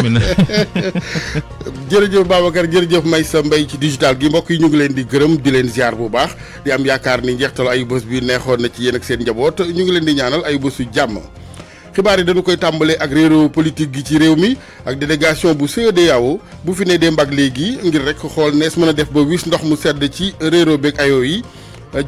jërëjëf Babacar jërëjëf sa mbay ci digital gi mbokk yi ñu ngi leen di gërëm di leen ziar bu baax di am yaakaar ni njeextalu ay bés bi neexoon na ci yéen ak seen njaboot ñu ngi leen di ñaanal ay bésu jàmm. xibaar yi dañu koy tàmbalee ak réeróo politique gi ci réew mi ak délégation bu CEDEAO bu fi ne dee mbag léegi ngir rek xool nees mën a def ba wis ndox mu sedd ci réeróo beeg ayo yi.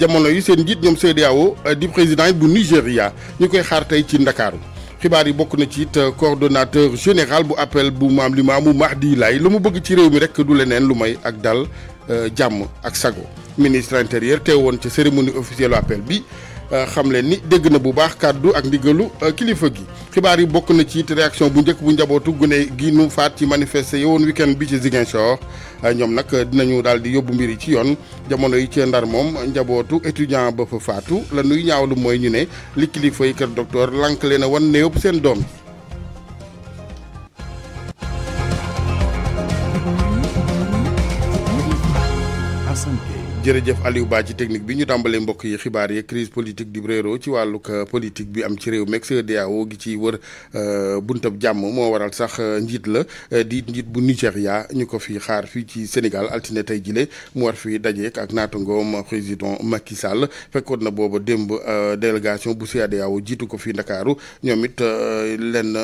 jamono yi seen njiit ñoom CEDEAO di président bu Nigéria ñu koy xaar tey ci Ndakaaru xibaar yi bokk na ci coordonateur coordonnateur général bu appel bu maam li mu Mahdi Lay lu mu bëgg ci réew mi rek du leneen lu may ak dal euh, jàmm ak sago ministre intérieur teewoon ca cérémonie officielle appel bi Euh, xam leen ni dégg na bu baax kàddu ak ndigalu euh, kilifa gi xibaar yi bokk na ci it bu njëkk bu njabootu gune gi nu faat ci manifester yowoon weekend bi ci Ziguinchor euh, ñoom nag dinañu daal di yóbbu mbir yi ci yoon jamono yi ci ndar moom njabootu étudiant ba fa faatu la nuy ñaawlu mooy ñu ne li kilifa yi kër docteur lank leen wan ne yëpp seen doom jërëjëf Aliou Ba ci technique bi ñu tàmbalee mbokk yi xibaar yi crise politique di réeroo ci wàlluk politique bi am ci réew meeg CEDEAO gi ci wër euh, buntab jàmm moo waral sax euh, njiit la euh, di njiit bu Nigéria ñu ko fi xaar fii ci Sénégal altine tey jile mu war fi dajeek ak naatangoom président Macky Sall fekkoon na booba démb délégation bu CEDEAO jiitu ko fii Ndakaaru ñoom it lenn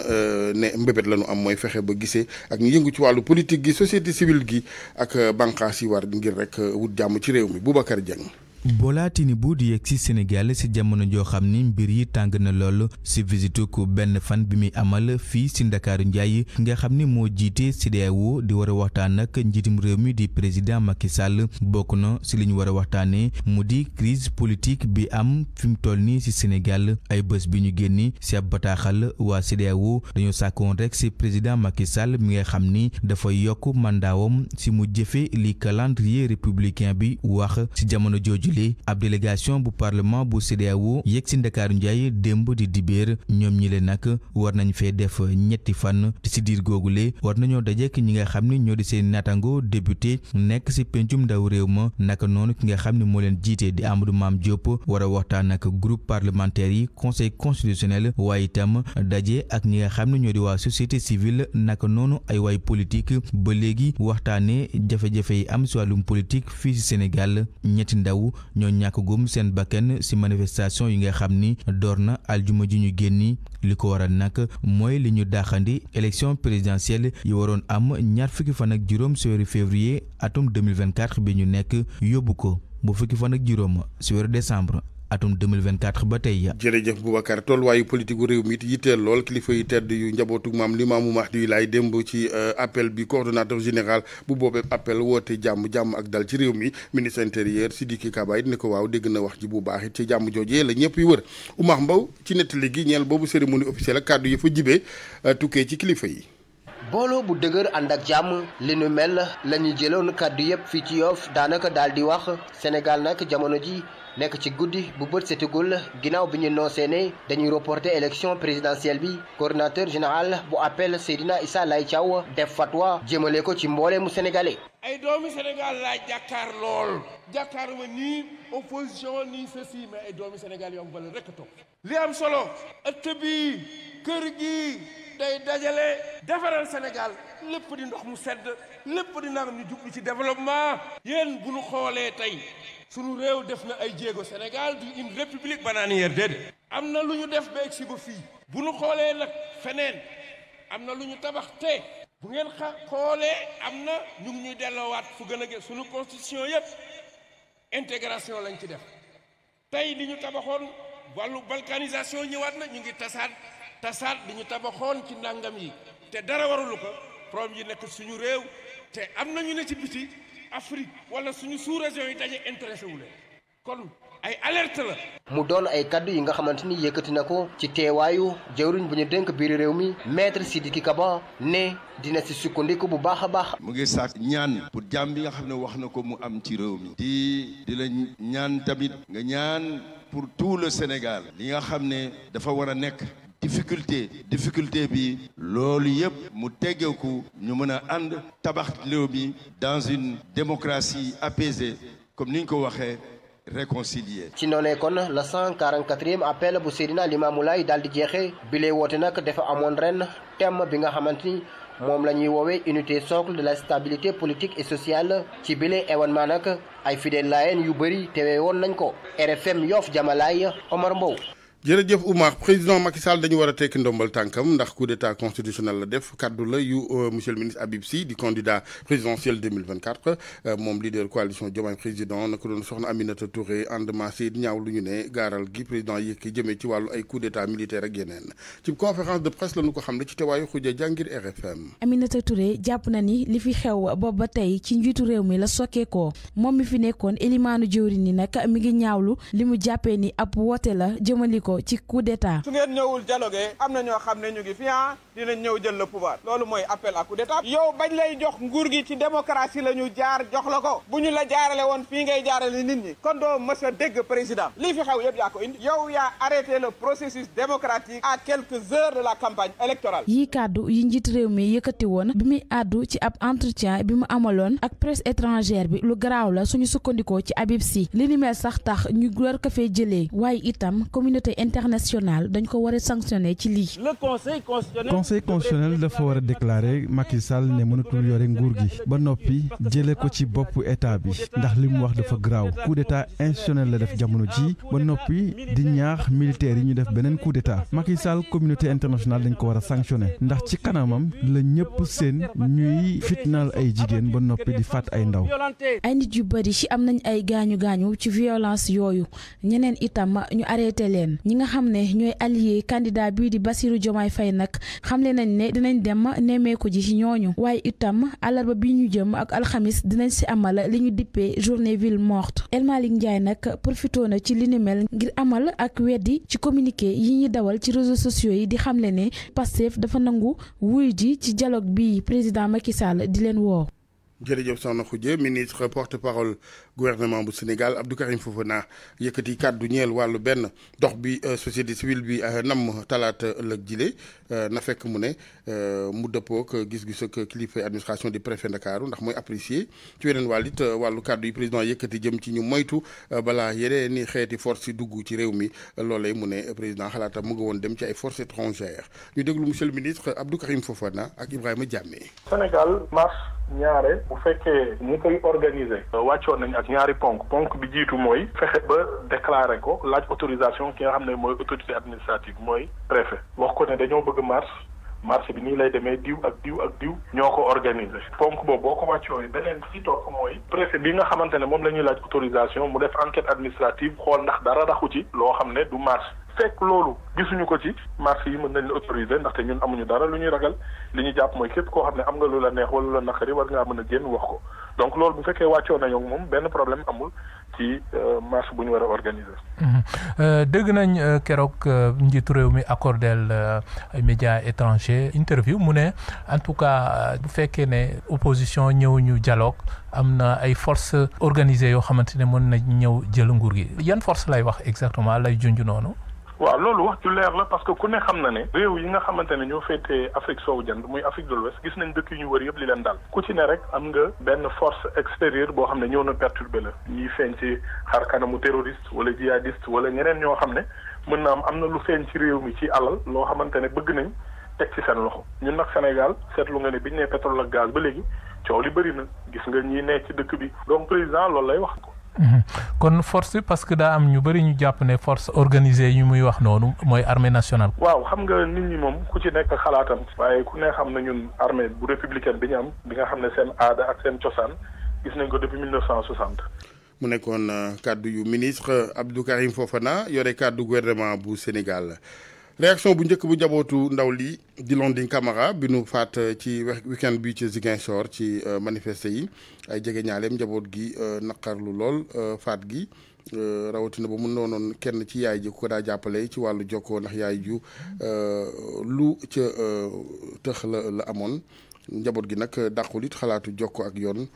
ne mbébét la ñu am mooy fexe ba gisee ak ñu yëngu ci wàllu politique gi société civile gi ak banqaas yi war ngir rek wut jàmm ci réew réew mi Boubacar Dieng boolaati Bola Tinubu di yegg ci Sénégal ci jamono joo xam ni mbir yi tàng na lool ci visitu ko benn fan bi muy amal fii ci Ndakaaru Njaay nga xam ni moo jiite CEDEAO di war a waxtaan ak njiitum réew mi di président Macky Sall bokk na ci li ñu war a waxtaanee mu di crise politique bi am fi mu toll nii ci Sénégal ay bés bi ñu génni ci ab bataaxal waa CEDEAO dañoo sàkkoon rek ci président Macky Sall mi nga xam ni dafa yokk mandaawam ci mu jëfe li calendrier républicain bi wax ci jamono jooju intitulé ab délégation bu parlement bu CEDEAO yegg si Ndakaaru Njaay démb di dibéer ñoom ñi leen nag war nañu fee def ñetti fan si googu le war nañoo dajek ñi nga xam ni ñoo di seen natango député nekk si pencum ndaw réew ma naka noonu ki nga xam ne moo leen jiite di Amadou Mame Diop war waxtaan ak groupe parlementaire yi conseil constitutionnel waaye itam daje ak ñi nga xam ne ñoo di waa société civile naka noonu ay waay politique ba léegi waxtaane jafe yi am si wàllum politique fii si Sénégal ñetti ndaw ñoo ñàkk gum seen bakken ci manifestation yi nga xam ni door na aljuma ji ñu génni li ko war waral nag mooy li ñu daaxandi élection présidentielle yi waroon am ñaar fukki fan ak juróom ci weeru février atum 2024 bi ñu nekk yóbbu ko bu fukki fan ak juróom ci weeru décembre atum 2024 ba tey. jërëjëf Boubacar tolluwaayu politique gu réew mi it yitteel lool kilifa yi tedd yu njabootu maam Limaamu Mahdi laay démb ci euh, appel bi coordonnateur général bu boobee appel woote jàmm jàmm ak dal ci réew mi ministre intérieur Sidiki Kaba it ne ko waaw dégg na wax ji bu baax it ci jàmm joojee la ñëpp yi wër Oumar Mbow ci nettali gi ñeel boobu cérémonie officielle ak kàddu yi fa jibee euh, tukkee ci kilifa yi. booloo bu dëgër ànd ak jàmm li nu mel la ñu jëloon kàddu yëpp fii ci Yoff daanaka daal di wax Sénégal nag jamono ji nekk ci guddi bu bët setigul ginnaaw bi ñu noosee ne dañuy reporter élection présidentielle bi coordonnateur général bu appel Seydina Issa Laye Thiaw def fatwa jëmale ko ci mboole mu sénégalais. ay doomi Sénégal laa jàkkaar lool jàkkaar ma nii opposition nii ceci mais ay doomi Sénégal yoo xam ne rek toog li am solo a bi kër gi. day dajale defaral Sénégal lépp di ndox mu sedd lépp di nangam ñu jublu ci développement yéen bu ñu xoolee tey sunu réew def na ay jéego Sénégal di une république bananière déedéet am na lu ñu def ba egsi ba fii bu nu xoolee nag feneen am na lu ñu tabax te bu ngeen xa xoolee am na ñu ngi ñuy delloowaat fu gën a gën sunu constitution yépp intégration lañ ci def tey li ñu tabaxoon wàllu balkanisation ñëwaat na ñu ngi tasaat tasaat li ñu tabaxoon ci ndàngam yi te dara warulu ko problème yi nekk suñu réew te am nañu ne ci biti Afrique wala suñu sous-région yi daje intéressé kon ay alerte la. mu doon ay kàddu yi nga xamante ni yëkkati na ko ci teewaayu jëwriñ bu ñu dénk biir réew mi maître Sidiki Kaba ne dina ci sukkandiku bu baax a baax. mu ngi sàkk ñaan pour jàmm bi nga xam ne wax na ko mu am ci réew mi. di di la ñaan tamit nga ñaan pour tout le Sénégal. li nga xam ne dafa war a nekk difficulté difficulté bi loolu yëpp mu teggeeku ñu mën a ànd tabax réew mi dans une démocratie apaisée comme ni ñu ko waxee réconcilier ci noonee kon la 144e appel bu Seydina Limamou Laye daal di jeexee bi lay woote nag dafa amoon ren tem bi nga xamante ni moom la ñuy woowee unité socle de la stabilité politique et sociale ci bile événement nag ay fidèles laayeen yu bëri teewee woon nañ ko RFM Yoff Jamalaay Omar Mbow jërëjëf Oumar président Macky Sall dañu war a tekki ndombal tànkam ndax coup d'état constitutionnel la def kaddu la yu euh, monsieur ministre Habib Sy di candidat présidentiel euh, moom leader coalition Diomaye ci wàllu ay coup d'état militaire ak yeneen ci conférence de presse la ko xam ne ci teewaayu xuja jàngir RFM Aminata Touré jàpp na ni li fi xew boobu ba tey ci njiitu réew mi la sokkee ko moom mi fi nekkoon élimaanu jëwri ni nag mi ngi ñaawlu li mu jàppee ko ci coup d'état su ngeen ñëwul am na ñoo xam ne ñu ngi fi ah. dinañ ñëw jël la pouvoir loolu mooy appel à coup d'état yow bañ lay jox nguur gi ci démocratie la ñu jaar jox la ko bu ñu la jaarale woon fii ngay jaarale nit ñi kon doo mës a dégg président lii fi xew yëpp yaa ko indi yow yaa arrêté le processus démocratique à quelques heures de la campagne électorale yi kàddu yi njiit réew mi yëkkati woon bi muy àddu ci ab entretien bi mu amaloon ak presse étrangère bi lu garaaw la suñu sukkandikoo ci Habib Sy li ni mel sax tax ñu war ko fee jëlee waaye itam communauté internationale dañ ko war a ci lii conseil constitutionnel dafa war a déclarer Macky Sall ne mënatul yore nguur gi ba noppi jëlee ko ci bopp état bi ndax li mu wax dafa graaw coup d'état la def jamono ji ba noppi di ñaax militaires yi ñu def beneen coup d'état Macky Sall communauté internationale dañ ko war a sanctionné ndax ci kanamam la ñëpp seen ñuy fitnaal ay jigéen ba noppi di faat ay ndaw. ay nit yu bari ci am nañ ay gaañu gaañu ci violence yooyu ñeneen itam ñu arrêté leen ñi nga xam ne ñooy allié candidat bii di Bassirou Diomaye Faye xamle nañ ne dinañ dem nemmeeku ji ci ñooñu waaye itam àllarba bi ñu jëm ak alxamis dinañ si amal li ñu dippee journée ville morte El Malick Ndiaye nag profité na ci li ni mel ngir amal ak weddi ci communiqué yi ñuy dawal ci réseaux sociaux yi di xamle ne Pastef dafa nangu wuy ji ci jaloog bi président Macky Sall di leen woo jërëjëf soxna Khoudia ministre porte-parole gouvernement bu Sénégal Abdou Karim Fofana yëkkati kàddu ñeel wàllu benn dox bi euh, société civile bi euh, namm talaata ëllëg jile euh, na fekk mu ne mu dëppook gis-gis ak kilifa administration du préfet Ndakaaru ndax mooy apprécier ci weneen wàll it wàllu kàddu yi président yëkkati jëm ci ñu moytu balaa yeneen ni xeeti force yi dugg ci réew mi loolee mu ne président xalaatam mu ngi woon dem ci ay forces étrangères ñu déglu monsieur le ministre Abdou Karim Fofana ak Ibrahima Diamé Sénégal bu fekkee ñu koy organiser wàccoon nañ ak ñaari ponk ponk bi jiitu mooy fexe ba déclarer ko laaj autorisation ki nga xam ne mooy autorité administrative mooy préfet wax ko ne dañoo bëgg marche marché bi nii lay demee diw ak diw ak diw ñoo ko organisé ponk boobu boo ko yi beneen ci topp mooy préfet bi nga xamante ne moom la ñuy laaj autorisation mu def enquête administrative xool ndax dara raxu ci loo xam ne du marche fekk loolu gisuñu ko ci marché yi mën nañ la autoriser ndaxte ñun amuñu dara lu ñuy ragal li ñu jàpp mooy képp koo xam ne am nga lu la neex wala lu la naqari war ngaa mën a génn wax ko donc loolu bu fekkee wàccoo nañoo moom benn problème amul ci euh, marche bu ñu war a organiser. Mhm. Euh, dëgg nañ euh, keroog njiitu réew mi accordel ay médias étrangers interview mu ne en tout cas fekkee ne opposition ñëw ñu dialogue am na ay forces organiser yoo xamante ne mën nañ ñëw jël nguur gi yan force lay wax exactement lay junj noonu. waaw loolu wax ju leer la parce que ku ne xam na ne réew yi nga xamante ne ñoo féetee Afrique soowu jant muy Afrique de l'Ouest gis nañ dëkk yi ñu wër yëpp li leen dal ku ci ne rek am nga benn force extérieure boo xam ne ñëw na perturbé la ñuy feeñ ci xar kanamu terroriste wala jihadiste wala ñeneen ñoo xam ne mën na am am na lu feeñ ci réew mi ci alal loo xamante ne bëgg nañ teg ci seen loxo ñun nag Sénégal seetlu nga ne biñ ne pétrole ak gaz ba léegi coow li bëri na gis nga ñi ne ci dëkk bi donc président loolu lay wax ko Mhm. kon force parce que daa am ñu bëri ñu jàpp ne force organisée yi muy wax noonu mooy armée nationale. waaw xam nga nit ñi moom ku ci nekk xalaatam. waaye ku ne xam na ñun armée bu républicaine bi ñu am bi nga xam ne seen aada ak seen cosaan gis nañ ko depuis 1960. mu nekkoon euh, kàddu yu ministre Abdou foofa Fofana yore kàddu gouvernement bu Sénégal. réaction bu njëkk bu jabootu ndaw lii di Landing Camara bi nu faat euh, ci weekend bi ci Ziguinchor ci euh, manifester yi ay jege ñaaleem njaboot gi euh, naqarlu lool faat gi rawatina ba mu noonoon kenn ci yaay ji ku ko daa jàppale ci wàllu jokkoo ndax yaay ju lu ca tëx la la amoon njaboot gi nag dàqul it xalaatu jokkoo ak yoon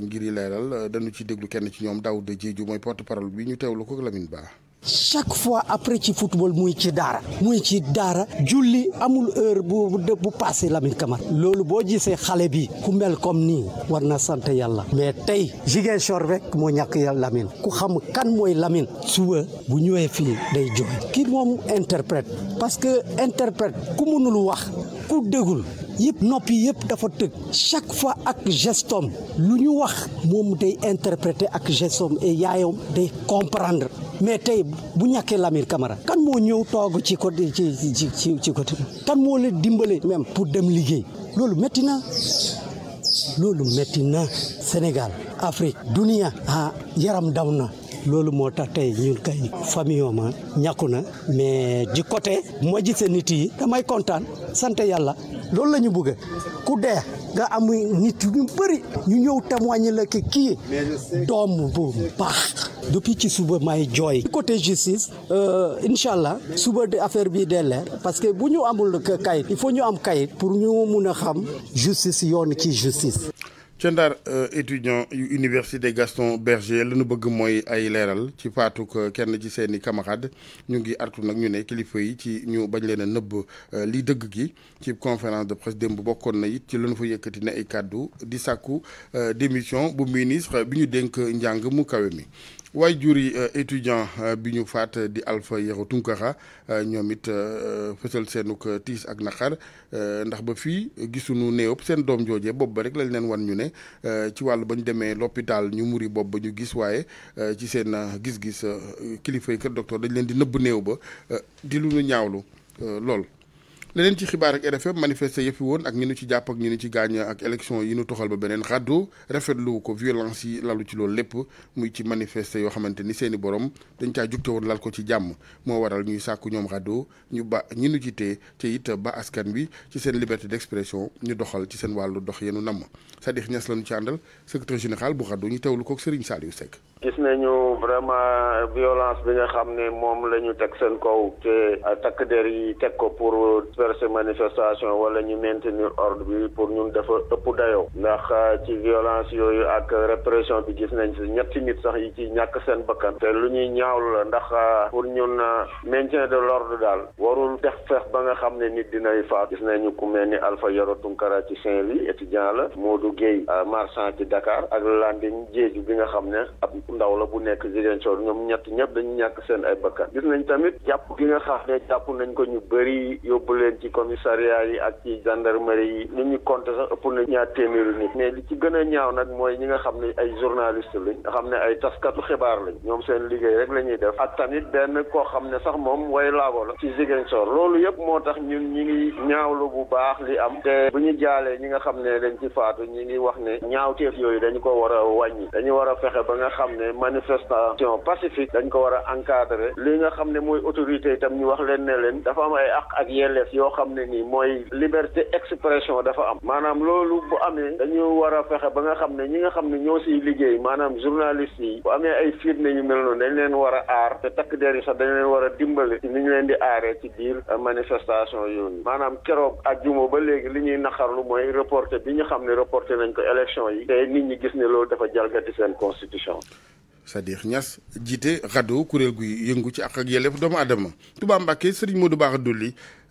ngir leeral danu ci déglu kenn ci ñoom Daouda ju mooy porte-parole bi ñu teewlu ko Lamine Ba chaque fois après ci football muy ci daara muy ci daara julli amul heure bu bu passé Lamine Camara loolu boo gisee xale bi ku mel comme nii war na sant yàlla mais tey Ziguinchor rek moo ñàkk yàlla Lamine ku xam kan mooy Lamine suba bu ñëwee fii day jox ki moom interprète parce que interprète ku mënul wax ku dégul yëpp noppi yëpp dafa tëg chaque fois ak gestom lu ñu wax moom day interpréter ak gestom et yaayam day comprendre mais tey bu ñàkkee Lamine Camara kan moo ñëw toog ci côté ci ci ci côté kan moo la dimbale même pour dem liggéey loolu métti na loolu métti na Sénégal Afrique dunia ah yaram daw na loolu moo tax tey ñun kay famille ma ah, ñàkku na mais di côté moo gisee nit yi damay kontaan sant yàlla loolu lañu bugg bëgg ku dee nga am nit ñu bëri ñu ñëw témoigner la que kii doom bu depuis ci suba may jooy. côté justice euh, incha allah suba affaire bi dee leer parce que bu ñu amul kayit il faut ñu am kayit pour ñu mun a xam justice yoon ci justice. ca Ndar euh, étudiant yu université Gaston Berger la ñu bëgg mooy ay leeral ci paatuk kenn ci seeni camarade ñu ngi artu nag ñu ne kilifa yi ci ñu bañ leen nëbb euh, li dëgg gi ci conférence de presse démb bokkoon na it ci la ñu fa yëkkati ne ay kàddu di sàkku démission bu ministre bi ñu dénk njàng mu mi. waay juri euh, étudiant euh, bi ñu faat di alfa Yero Tunkara euh, ñoom it fësal seenuk tiis ak naqar ndax ba fii gisuñu néewb seen doom joojee bopp ba rek lañ leen wan ñu ne ci wàllu ba ñu demee loppitaal ñu muri bopp ba ñu gis waaye ci seen gis-gis kilifa yi kër docteur dañ leen di nëbb néew ba di lu ñu ñaawlu lool leneen ci xibaar ak RFM manifester yëpp woon ak ñu nu ci jàpp ak ñu nu ci gaañ ak élection yi nu toxal ba beneen raddo rafetlu ko violence yi lalu ci loolu lépp muy ci manifester yoo xamante ni seeni borom dañ caa jugte woon lal ko ci jàmm moo waral ñuy sàkku ñoom raddo ñu ba ñu nu jitee te ci it ba askan bi ci seen liberté d'expression ñu doxal ci seen wàllu dox yeenu namm Sadikh Niass lañu ci àndal secrétaire général bu raddo ñu teewlu ko Serigne Saliou Seck gis nañu vraiment violence bi nga xam ne moom la ñu teg seen kaw te takk der yi teg ko pour disperser manifestation wala ñu maintenir ordre bi pour ñun dafa ëpp dayoo ndax euh, ci violence yooyu ak répression bi gis nañ si ñetti nit sax yi ci ñàkk seen bakkan te lu ñuy ñaawlu la ndax euh, pour ñun euh, maintien de l'ordre daal warul def fex ba nga xam ne nit dinay faat gis nañu ku mel ni Alpha Yoro Tunkara ci Saint-Louis étudiant la Modou Guèye marchand ci Dakar ak Landing Diédhiou bi nga xam ne ab ndaw la bu nekk Ziguinchor ñoom ñett ñëpp dañu ñàkk seen ay bakkan gis leen ci commissariat yi ak ci gendarmerie yi li ñu compté sax ëpp na ñaar téeméeri nit mais li ci gën a ñaaw nag mooy ñi nga xam ne ay journaliste lañ nga xam ne ay taskatu xibaar lañ ñoom seen liggéey rek la def ak tamit benn koo xam ne sax moom way laago la ci Ziguinchor loolu yëpp moo tax ñu ñi ngi la bu baax li am te bu ñu jaalee ñi nga xam ne dañ ci faatu ñi ngi wax ne ñaawteef yooyu dañu ko war a wàññi dañu war a fexe ba nga xam ne manifestation pacifique dañ ko war a encadrer li nga xam ne mooy autorité itam yoo xam ne nii mooy liberté expression dafa am maanaam loolu bu amee dañu war a fexe ba nga xam ne ñi nga xam ne ñoo siy liggéey maanaam journaliste yi bu amee ay firnde yu mel noonu dañ leen war a aar te takk der yi sax dañu leen war a dimbali ci ni ñu leen di aaree ci biir euh, manifestation yooyu maanaam keroog ajjuma ba léegi li ñuy naqarlu mooy reporté bi ñu xam ne reporté nañ ko élection yi te nit ñi gis ne loolu dafa jalgati seen constitution Sadikh Niass jiite RADDHO kuréel guy yëngu ci àq ak yelleef doomu aadama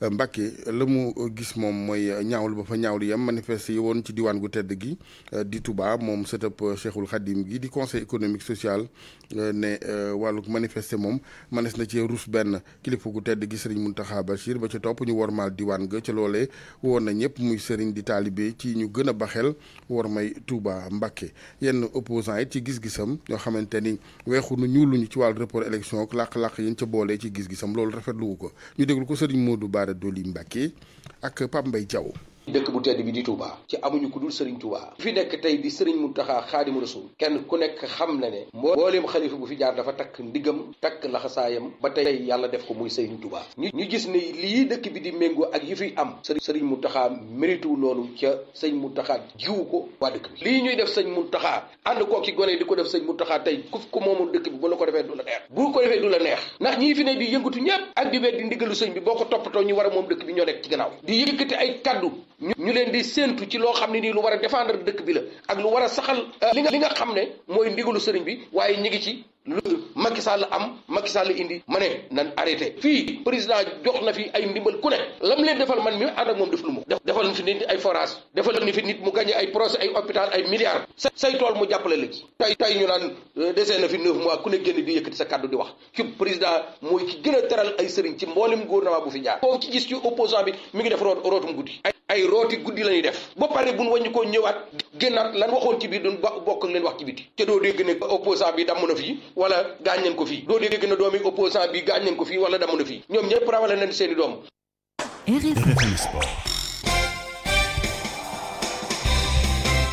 Mbacke la mu gis moom mooy ñaawlu ba fa ñaawlu yam manifeste yi woon ci diwaan gu tedd gi euh, di Touba moom sëtëb euh, Cheikhul Khadim gi di conseil économique social euh, ne wàlluk manifester moom manes na cee rus benn kilifa gu tedd gi Serigne Mountakha Bachir ba ca topp ñu wormaal diwaan ga ca loolee woon na ñëpp muy Serigne di taalibe ci ñu gën a baxel war may Touba Mbacke yenn opposant yi ci gis-gisam ñoo xamante ni weexu nu ñuuluñu ci wàllu report élection ak làq-làq ñu ca boole ci gis-gisam loolu rafetlu ko Bara Dolly Mbacké ak Pape Mbaye dëkk bu tedd bi di Touba ci amuñu ku dul Serigne Touba fi nekk tey di Serigne Mountakha Xaadimu Rasuul kenn ku nekk xam na ne mbooleem xalifa bu fi jaar dafa takk ndigam takk laxasaayam ba tey yàlla def ko muy Serigne Touba ñu gis ni lii dëkk bi di méngoo ak yi fi am sëriñ mu Mountakha méritu loolu ca sëñ mu Mountakha jiwu ko waa dëkk bi lii ñuy def Serigne taxaa ànd koo ci gone di ko def mu taxaa tey ku ko moomul dëkk bi bu la ko defee du la neex bu ko defee du la neex ndax ñii fi ne yëngatu ñëpp ak di weddi sëñ bi boo ko toppatoo ñu war moom dëkk bi ñoo nekk ci gannaaw di yëkkati ay kaddu ñu leen di séentu ci loo xam ne nii lu war a défendre dëkk bi la ak lu war a saxal euh, li nga li nga xam ne mooy ndigalu sëriñ bi waaye ñu ngi ci lu Macky Sall am Macky Sall indi ma ne nan arrêté fii président jox na fi ay ndimbal ku ne lam leen defal man mi ànd ak moom def lu mu defal fi nit ay forage defal ni fi nit mu gagné ay procès ay hôpital ay milliards say tool mu jàppale la ci tey tey ñu naan euh, desee na fi neuf mois ku ne génn sa kàddu di wax ci président mooy ki gën a teral ay sëriñ ci mboolem gouvernement bu fi jaar gis ci opposant bi mi ngi def root rootum guddi ay rooti guddi la ñuy def ba pare buñ wàññi koo ñëwaat génnaat lan waxoon ci biir duñ ba bokk ak leen wax ci biti te doo dégg ne opposant bi damm na fii wala gaañ ko fii doo dégg ne doomi opposant bi gaañ ko fii wala damm na fii ñoom ñëpp rawale nañ seen seeni doom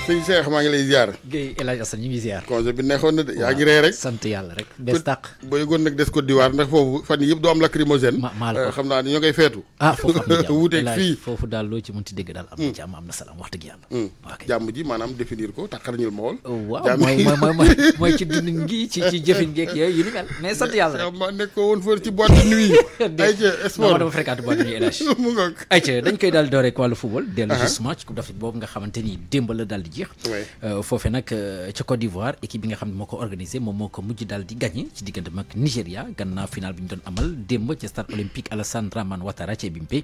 sëñ Cheikh maa ngi lay ziar. Guèye El Hadj Assane ñu ngi ziar. congé bi neexoon na de yaa ngi ree rek. sant yàlla rek des tàq. boo yëgoon nag des Côte d'Ivoire ndax foofu fan yëpp doo am lacrymogène. ma maal ko eh, xam naa ne ñoo koy feetu. ah foofu am na jàmm wuuteeg fii foofu daal loo ci mënti dégg daal am na hmm. jàmm am na salaam wax dëgg yàlla. Hmm. waaw kay jàmm ji maanaam définir ko taxarñul ma oh, woon. waaw mooy mooy mooy mooy ci dund gi ci ci jëfin geeg yooyu yu ni mel mais sant yàlla rek. ma nekkoo woon fër ci boîte de nuit. ayca sport dama fréquente boîte de nuit El Hadj. mu ngoog ayca dañ koy daal dooree ko wàllu football dellu justement ci coupe d'Afrique boobu nga xamante ni démb la daal di jeex euh, foofe nag euh, ca Côte d'Ivoire équipe bi nga xam ne moo ko organisé moom moo ko mujj daal di gagné ci diggante mag Nigéria gannaaw final bi ñu doon amal démb ci stade olympique Alassane Dramane Ouattara ci Ebimpe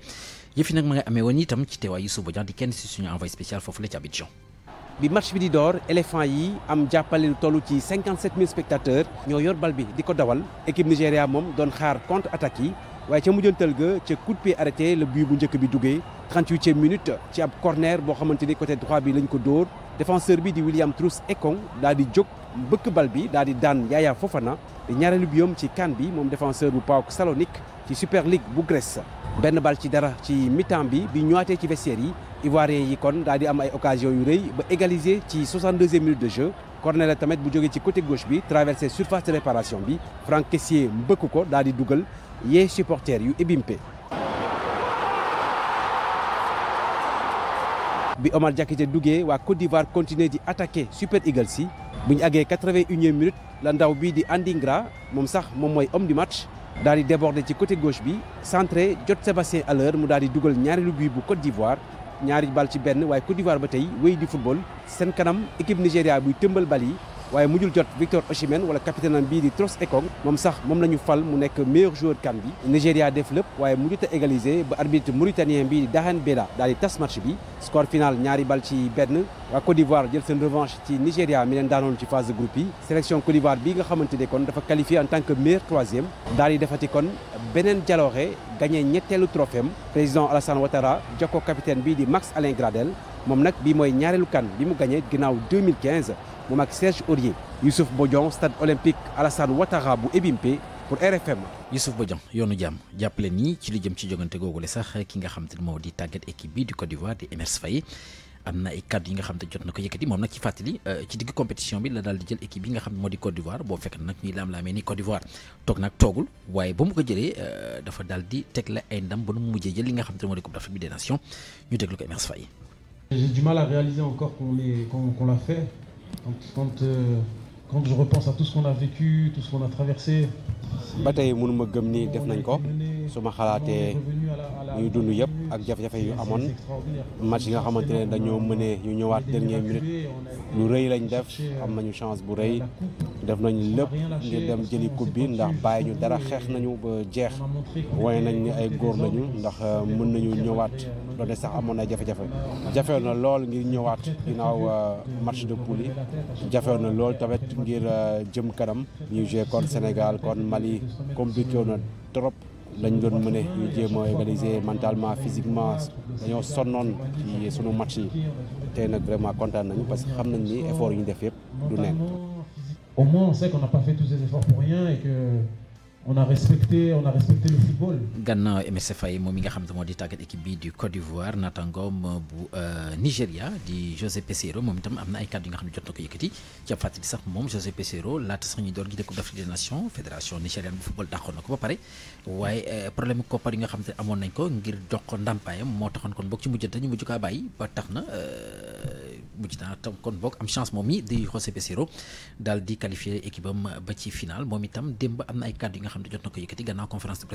yëf yi nag ma nga amee woon itam ci teewaay Youssou Bodian di kenn si envoyé spécial foofu la ci Abidjan bi match bi di door éléphant yi am jàppale lu ci spectateurs ñoo yor bal bi di ko dawal équipe Nigéria moom doon xaar contre attaque yi waaye ca mujjantal ga ca coup de pied arrêté la but bu njëkk bi duggee 38e minute ci ab corner boo xamante ni côté droit bi lañ ko dóor défenseur bi di William Troost-Ekong daal di jóg mbëkk bal bi daal di daan Yaya Fofana di ñaareelu biyoom ci CAN bi moom défenseur bu PAOK Salonique ci Super League bu Grèce benn bal ci dara ci mi-temps bi bi ñëwaatee ci vestiaire yi ivoirien yi kon daal di am ay occasion yu rëy ba égaliser ci 62e minute de jeu corner la tamit bu jógee ci côté gauche bi traversé surface de réparation bi Franck Kessié mbëkk ko daal di dugal yee supporter yu ébimpe bi Omar Diakité duggee waa Côte d'Ivoire continuer di attaquer Super Eagles si bu ñu àggee 81e minute la ndaw bii di Andingra moom sax moom mooy homme du match daal di déborder ci côté gauche bi centré jot Sébastien Haller mu daal di dugal lu but bu Côte d'Ivoire ñaari bal ci benn waay Côte d'Ivoire ba tey wéy di football seen kanam équipe Nigéria buy tëmbal bal yi waaye mujjul jot Victor Osimhen wala capitaine am bii di Troostekong moom sax moom la ñu fal mu nekk meilleur joueur CAN bi Nigéria def lépp waaye mujjut a égaliser ba arbitre mauritanien bii di Dahane Bella daal tas match bi score final ñaari bal ci benn waa Côte d'Ivoire jël seen revanche ci Nigéria mi leen daanoon ci phase de groupe yi sélection d'Ivoire bii nga xamante kon dafa qualifié en tant que meilleur troisième daal di defati kon beneen jaloore gagné ñetteelu trophée am président Alassane Ouattara jokkoo capitaine bii di Max Alain moom nag bii mooy ñaareelu kan bi mu gagné ginnaaw 2015 moom ak Serge Aurier Youssouf Bodian stade olympique Alassane Ouattara bu Ebimpe pour RFM. Youssouf Bodian yoonu jàmm jàppale ni ci li jëm ci jogante googule sax ki nga xam te moo di tàggat équipe bi du Côte d'Ivoire di Emerse Faye am na ay kàddu yi nga xam ne jot na ko yëkkati moom nag ci fàttali euh, ci digg compétition bi la daal di jël équipe bi nga xam ne moo di Côte d'Ivoire boo fekk nag ñuy laam-laamee ni Côte d'Ivoire toog nag toogul waaye ba mu ko jëlee euh, dafa mu mujjee jël li nga xam ne moo di Coupe d'Afrique bi Quand, quand, euh, quand je repense à tout ce qu'on a vécu, tout ce qu'on a traversé. ba tey mënuma gëm ni def nañ ko. su ma xalaatee yu dund yëpp ak jafe-jafe yu amoon match yi nga xamante ne dañoo mënee ñu ñëwaat dernière minute lu rëy lañ def am nañu chance bu rëy def nañ lépp ngir dem jëli coupe bi ndax bàyyi ñu dara xeex nañu jeex waaye nañ ni ay góor lañu ndax euh, mën nañu ñëwaat doone sax amoon na jafe-jafe jafew na lool ngir ñëwaat ginnaaw euh, match de poule yi na lool tawet ngir euh, jëm kanam ñuy joué contre Sénégal kon Mali compliqué na trop lañ doon mëne ñu jéem a égaliser mentalement physiquement dañoo sonnoon ci sunu match yi te nag vraiment kontaan nañu parce que xam nañ ni effort yi ñu def yëpp du neen. on a a respecté le football. gannaaw MSC Faye moom nga xam ne moo di tàggat équipe bi du Côte d'Ivoire naataangoom bu euh, moom itam am na ay kàddu yi nga xam ne jot sax moom José Peseiro laata sax ñu door gi de Coupe d'Afrique des ko ba pare waaye euh, problème koppar yi xam ne amoon nañ ko ngir jox ko ndàmpaayam moo taxoon kon boog ci mujjante ñu mujj kaa bàyyi ba tax na euh, mujj naa tam kon boog am chance moom mi di José Peseiro daal di qualifier équipe ba ci final moom itam démb am na ay kàddu yi nga xam ne jot na ko yëkkati gannaaw conférence de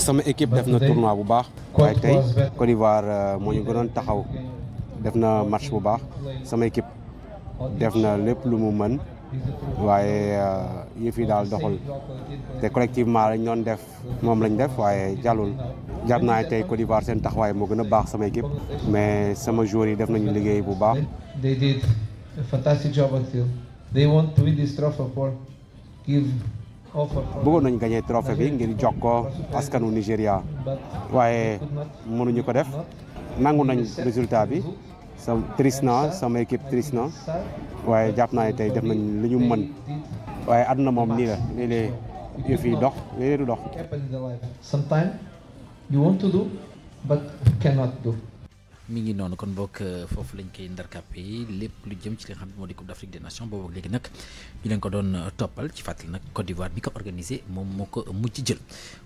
sama équipe def na tournoi bu baax. waaye tey Côte d'Ivoire moo ñu gënoon taxaw def na match bu baax sama équipe def na lépp lu mu mën waaye yëf yi daal doxul te collectivement lañ doon def moom lañ def waaye jàllul jàpp naa tey Côte d'Ivoire seen taxawaay moo gën a baax sama équipe mais sama joueurs yi def nañu liggéey bu baax. a fantastic job until. They nañ gagné trophée bi ngir jox ko askanu Nigéria waaye mënuñu ko def nangu nañ résultat bi sa triste sama équipe triste na waaye jàpp naa ne tey def nañ li ñu mën waaye na moom nii la léeg-léeg dox léeg-léeg du dox. Sometimes you want to do do. mi ngi noonu kon bokk euh, foofu lañ koy ndarkappe lépp lu jëm ci li nga xam moo di Coupe d'Afrique des Nations boobu léegi nag ñu leen ko doon euh, toppal ci fàttali nag Côte d'Ivoire bi ko organisé moom moo ko mujj jël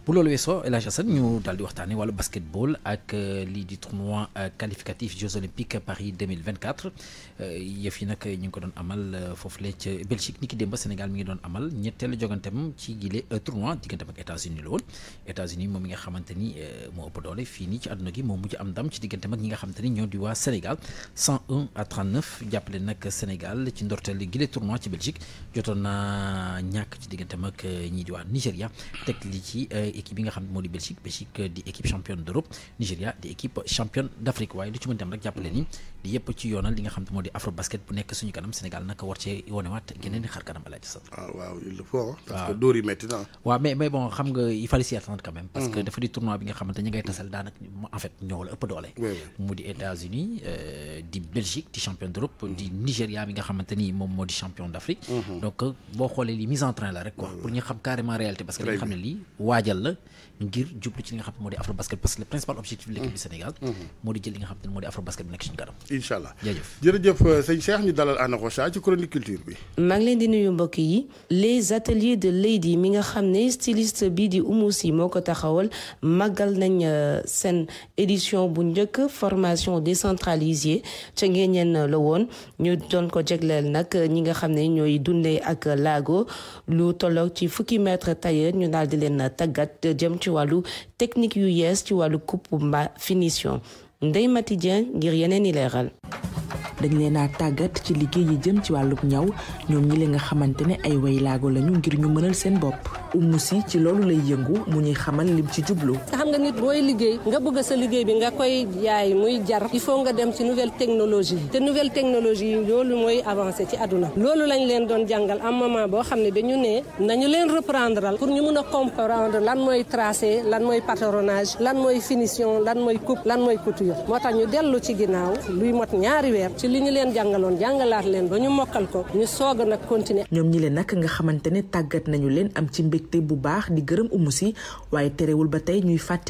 bu loolu weesoo El Hadj Assane ñu daal di waxtaane wàllu basketball ak euh, lii di tournoi qualificatif Jeux Olympiques Paris 2024 yëf yi nag ñu ngi ko doon amal foofu la ca Belgique ni ki démb Sénégal mi ngi doon amal ñetteelu joganteem ci gile tournoi digganteem ak États-Unis la woon états ni moo ëpp doole fii nii xamante ni ñoo di waa Sénégal 101 à jàppale nag Sénégal ci ndorteel gi le tournoi ci Belgique jotoon naa ñàkk ci digganteem ak euh, ñii di waa Nigéria teg li ci euh, équipe bi nga xam ne moo di Belgique Belgique di équipe championne d'Europe Nigéria di équipe championne d'Afrique waaye lu ci mën dem rek jàppale nii di yëpp ci yoonal li nga xam te moo di afro basket bu nekk suñu kanam Sénégal naka war cee wonewaat geneen xar kanam El Hadj ah, waaw waaw il le faut. na waaw mais mais bon xam nga il fallait s'y attendre quand même. parce que mm-hmm. dafa di tournoi bi nga xamante ñi ngay tasal daanaka en fait ñoo la ëpp doole. mu di États-Unis euh, di Belgique di champion d'Europe di mm-hmm. Nigéria bi nga xamante ni moom moo di champion d'Afrique. Mm-hmm. donc euh, boo xoolee li mise en train la rek pour ñu xam incha jërëjëf jërëjëf euh, sëñ Cheikh ñu dalal Anna Rocha ci chronique culture bi. maa leen di nuyu mbokk yi les atelier de Lady mi nga xam ne styliste bi di Oumou Sy moo ko taxawal màggal nañ euh, seen édition bu njëkk formation décentralisée ca ngeen la woon ñu doon ko jegleel nag euh, ñi nga xam ne ñooy dundee ak laago lu tolloog ci fukki maître tailleur ñu daal di leen tàggat jëm ci wàllu technique yu yees ci wàllu coupe mba finition. Ndeye Mati Dieng ngir yeneen i leeral. dañ leen a tàggat ci liggéey yi jëm ci wàllub ñaw ñoom ñi leen nga xamante ne ay way lañu ngir ñu mënal seen bopp umu ci loolu lay yëngu mu ñuy xamal lim ci jublu nga nit booy liggéey nga bëgg sa liggéey bi nga koy jaay muy jar il faut nga dem ci nouvelle technologie yi te nouvelle technologie yi loolu mooy avancé ci àdduna loolu lañ leen doon jàngal am moment boo xam ne dañu nee nañu leen reprendre pour ñu mun a comprendre lan mooy tracé lan mooy patronage lan mooy finition lan mooy coupe lan mooy couture moo tax ñu dellu ci ginnaaw luy mot ñaari weer ci li ñu leen jàngaloon jàngalaat leen ba ñu mokkal ko ñu soog nag continuer ñoom ñi leen nag nga xamante ne tàggat nañu leen am ci bu baax di gërëm si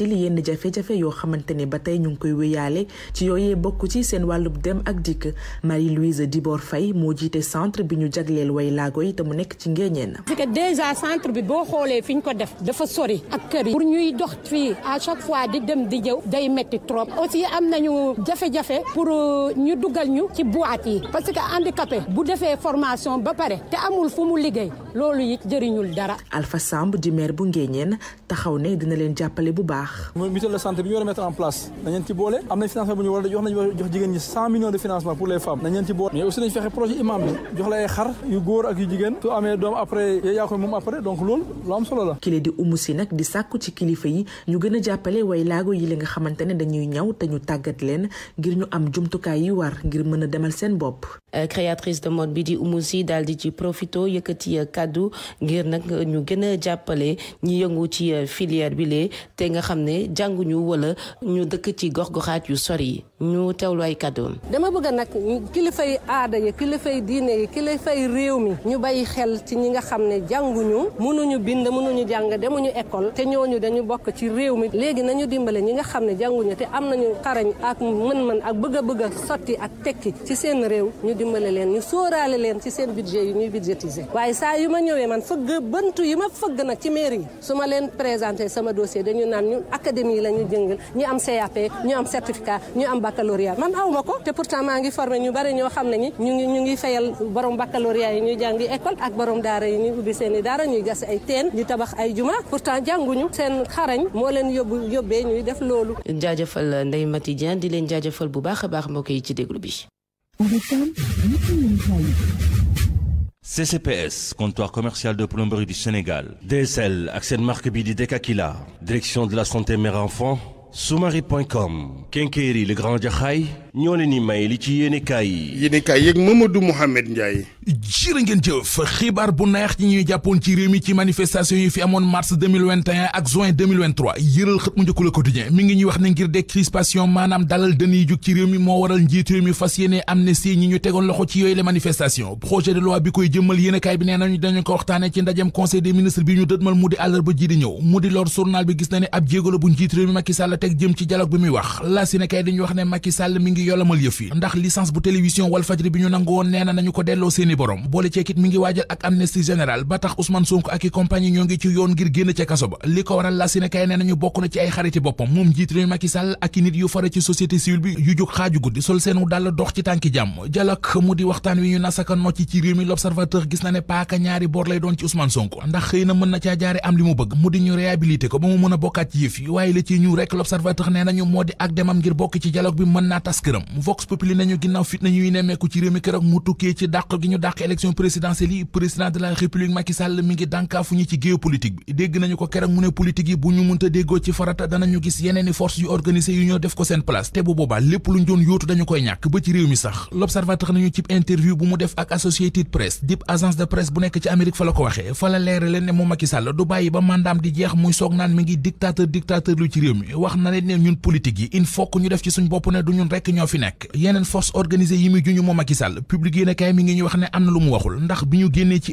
li yenn jafe-jafe yoo xamante ne ba tey ñu ngi koy wéyaale ci yooyee bokk ci seen wàllub dem ak dikk Marie-Louise Dibor Faye moo jiite centre bi ñu jagleel way laago yi te mu nekk ci ngéeñeen parce que déjà centre bi boo xoolee fi ñu ko def dafa sori ak kër yi pour ñuy dox fii à chaque fois di dem di jëw day métti trop aussi am nañu jafe-jafe pour euh, ñu dugal ñu ci boîte yi parce que handicapé bu defee formation ba pare te amul fu mu liggéey loolu it jëriñul dara Alpha Samb di maire bu ngéeñeen taxaw ne dina leen jàppale bu baax baax mutuelle de santé bi ñu war a mettre en place nañ leen boole am nañ financement bu ñu war a jox nañ jox jigéen ñi cent de financement pour les femmes nañ leen boole mais aussi nañ fexe projet imam bi jox la ay xar yu góor ak yu jigéen su amee doom après yaa koy am solo la kile di umu si nag di sàkku ci kilifa yi ñu gën jàppale way laago yi li nga xamante dañuy ñaw te ñu tàggat leen ngir ñu am jumtukaay yi war ngir mën a demal seen bopp euh, créatrice de mode bi di umu si daal di ci profito yëkkati euh, kaddu ngir ñu gën a jàppale ñi yëngu ci euh, filière bi lee xam ne jànguñu wala ñu dëkk ci gox-goxaat yu sori yi ñu teewlu ay kàddoom. dama bëgg nag kilifay aada yi kilifay diine yi kilifay réew mi ñu bàyyi xel ci ñi nga xam ne jànguñu mënuñu bind mënuñu jàng ñu école te ñooñu dañu bokk ci réew mi léegi nañu dimbale ñi nga xam ne jànguñu te am nañu xarañ ak mën-mën ak bëgg a bëgg a sotti ak tekki ci seen réew ñu dimbale leen ñu sóoraale leen ci seen budget yi ñuy budgétiser waaye saa yu ma ñëwee man fëgg ñun académie la ñu jëngal ñu am CAP ñu am certificat ñu am baccalauréat man aw ma ko te pourtant maa ngi formé ñu bari ñoo xam ne ñi ñu ngi ñu ngi fayal borom baccalauréat yi ñuy jàng école ak borom daara yi ñu ubbi seen i daara ñu gas ay teen ñu tabax ay juma pourtant jànguñu seen xarañ moo leen yóbbu yóbbee ñuy def loolu. jaajëfal Ndeye Mathi Dieng di leen jaajëfal bu baax a baax mbokk yi ci déglu bi. CCPS comptoir commercial de plomberie du Sénégal DSL ak seen marque bi di Dekakila direction de la santé mère enfant sumari.com kenkeeri le grand jaxaay ñoo leen ni may li ci yéenekaay yi yéenekaay yeeg Mamadou Mouhamed Ndiaye jërë ngeen jëf xibaar bu neex ñi ñuy jàppoon ci réew mi ci manifestation yi fi amoon mars ak juin 2023 xët mu njëkk Le Quotidien mi ngi ñuy wax ne ngir décrispation maanaam dalal dën yi jug ci réew mi moo waral njiitu réew mi fas yéene amnistie ñi ñu tegoon loxo ci yooyu la manifestation projet de loi bi koy jëmmal yéenekaay bi ne teg jëm ci dialogue bi muy wax la si ne kay dañuy wax ne Macky Sall mi ngi yolamal yëf yi ndax licence bu télévision Walfadjri bi ñu nangu woon nee na nañu ko delloo seeni borom boole ceekit mi ngi waajal ak amnistie générale ba tax Ousmane Sonko ak i compagnie ñoo ngi ci yoon ngir génn ca kaso ba li ko waral la si ne kay nee nañu bokk na ci ay xariti boppam moom jiit réew Macky Sall ak i nit yu fare ci société civile bi yu jóg xaaju guddi sol seenu dàll dox ci tànki jàmm dialogue mu gis na ne paaka ñaari boor lay doon ci Ousmane Sonko ndax xëy na mën na caa jaare am mu bëgg mu ñu réhabilité ko ba mu a bokkaat ci yëf yi waaye la l'observateur nee nañu moo di ak demam ngir bokk ci dialogue bi mën naa tas këram vox populi nañu ginnaaw fit nañuy nemmeeku ci réew mi keroog mu tukkee ci dàq gi ñu dàq élection présidentielle yi président de la république Macky Sall mi ngi dànkaafu ñi ci géopolitique bi dégg nañu ko keroog mu ne politique yi bu ñu mënta déggoo ci farata danañu gis yeneeni force yu organisé yu ñoo def ko seen place te bu boobaa lépp lu doon yóotu dañu koy ñàkk ba ci réew mi nañu cib interview bu mu def ak Associated Press dip agence de presse bu nekk ci la ko waxee fa la leere leen ne moom du bàyyi ba mandaam di jeex muy soog naan mi ngi dictateur dictateur lu ci réew mi wax na leen ne ñun politique yi il faut ñu def ci suñ bopp ne du ñun rekk ñoo fi nekk yeneen force organisée yi muy juñu moom Macky public yéen kaay mi ngi ñu wax ci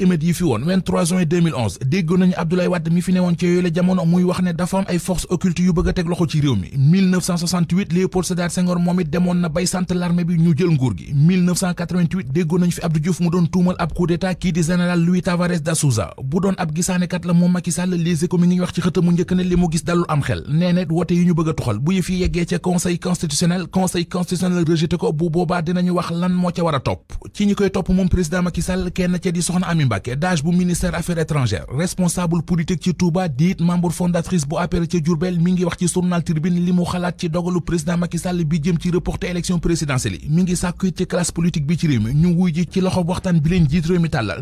réew njëkk ne li mu gis dalul am xel nee na yi ñu bëgg a tuxal bu yëf yi yeggee ca conseil constitutionnel conseil constitutionnel rejeté ko bu boobaa dinañu wax lan moo ca war a topp ci ñi koy topp moom président Macky Sall kenn ca di soxna Ami Mbacké dage bu ministère affaires étrangères responsable politique ci Touba diit membre fondatrice bu APR ca Diourbel mi ngi wax ci journal Tribune li mu xalaat ci dogalu président Macky Sall bi jëm ci reporter élection présidentielle yi mi ngi sàkku ci classe politique bi ci réew mi ñu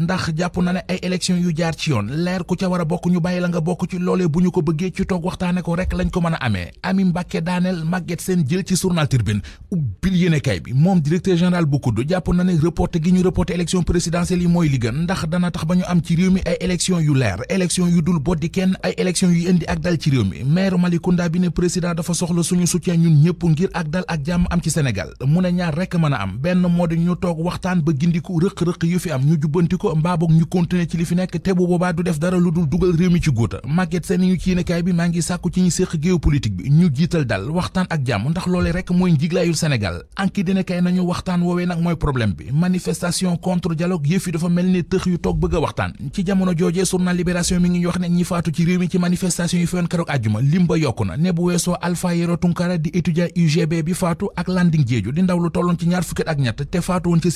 ndax jàpp na ne ay yu jaar ci yoon leer ku war a bokk ñu bàyyi la nga ci loolee bu ñu ko bëggee ci toog waxtaane ko rek lañ ko mën a amee Ami Mbàkke daaneel màgget seen jël ci journal Tribune ubbil yéenekaay bi moom directeur général bu kudd jàpp na ne reporté gi ñu reporté élection présidentielle yi mooy li gën ndax dana tax ba ñu am ci réew mi ay élection yu leer élection yu dul boddi kenn ay élection yu indi ak dal ci réew mi maire Malicounda bi ne président dafa soxla suñu soutien ñun ñëpp ngir ak dal ak jàmm am ci Sénégal mu ne ñaar rekk mën a am benn moo di ñu toog waxtaan ba gindiku rëq-rëq yu fi am ñu jubbanti ko ñu continuer ci li fi nekk te bu boobaa du def dara dul dugal réew mi ci góota Maguette Sène bi maa ngi sàkku ci ñu séq bi ñu jiital dal waxtaan ak jàmm ndax loolee rek mooy njiglaayul senegal anki dina kay nañu waxtaan woowee nag mooy problème bi manifestation contre dialogue yëf yi dafa mel ni tëx yu toog bëgg a waxtaan ci jamono joojee journal Libération mi ngi wax ne ñi faatu ci réew mi ci manifestation yi fewoon keroog àjjuma lim ba yokku na ne bu weesoo Alpha Yero Tunkara di étudiant UGB bi faatu ak Landing Jeeju di ndaw lu tolloon ci ñaar fukki ak ñett te faatu woon ca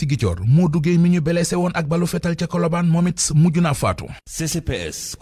moo duggee mi ñu blessé woon ak fetal ca Colobane moom it mujj naa faatu CCPS